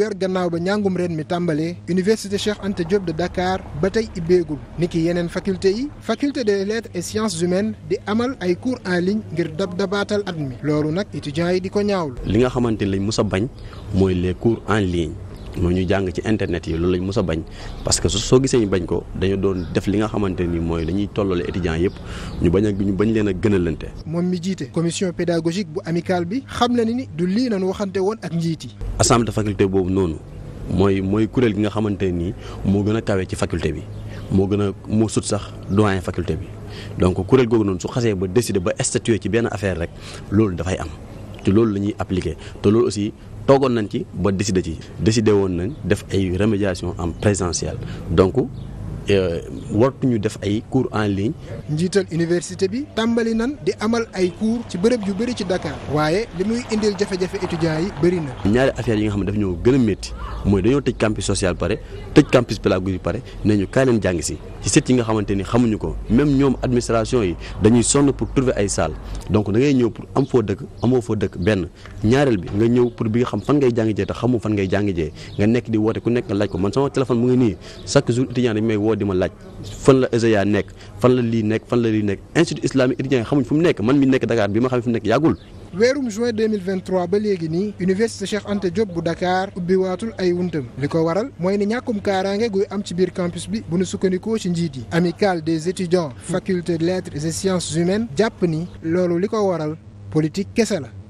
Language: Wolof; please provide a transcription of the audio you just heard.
weer gannaaw ba njàngum ren mi tàmbalee université Cheikh Anta Diop de Dakar ba tey ibbeegul ni ki yeneen faculté yi faculté de lettres et sciences humaines di amal ay cours en ligne ngir dab dabaatal at mi loolu nag étudiants yi di ko ñaawlu. li nga xamante ne lañ mës a bañ mooy les cours en ligne. mooy ñu jàng ci internet yi loolu lañ mës a bañ parce que soo gisee ñu bañ ko dañu doon def li nga xamante nii mooy dañuy tollale étudiants yëpp ñu bañ ñu bañ leen a gënalante. moom mi jiite commission pédagogique bu amicale bi xam na ni du lii nañu waxante woon ak njiit yi. assemblée faculté boobu noonu mooy mooy kuréel gi nga xamante nii moo gën a kawe ci faculté bi moo gën a moo sut sax doyen faculté bi donc kuréel googu noonu su xasee ba décider ba statuer ci benn affaire rek loolu dafay am. te loolu la ñuy appliqué te loolu aussi toogoon nañ ci ba décidé ci décidé woon nañ def ay remédiation en présentiel donc Euh, ñu def ay cours en ligne. njiital université bi tàmbali nan di amal ay cours ci bërëb yu bari ci Dakar waaye li muy indil jafe-jafe étudiants yi bëri na. ñaari affaire yi nga xam ne daf ñoo gën a métti mooy dañoo tëj campus social pare tëj campus pédagogique pare ne ñu kaay leen jàng si ci sët yi nga xamante ni xamuñu ko même ñoom administration yi dañuy sonn pour trouver ay salle donc da ngay ñëw pour am foo dëkk amoo foo dëkk benn ñaareel bi nga ñëw pour bi nga xam fan jàng jee te xamu fan ngay jàng jee nga nekk di woote ku nekk nga laaj ko man sama téléphone mu ngi nii woo di ma laaj fan la ESEA nekk fan la lii nekk fan la lii nekk institut islamique étudiant xamuñ fu mu nekk man mi nekk Dakar bi ma xam fu mu nekk yàggul. weerum juin 2023 ba léegi nii université Cheikh Anta Diop bu Dakar ubbiwaatul ay wuntam li ko waral mooy ne ñàkkum kaaraange guy am ci biir campus bi bu nu sukkandikoo ci njiit yi amicale des étudiants faculté de lettres et sciences humaines jàpp ni loolu li ko waral politique kese la.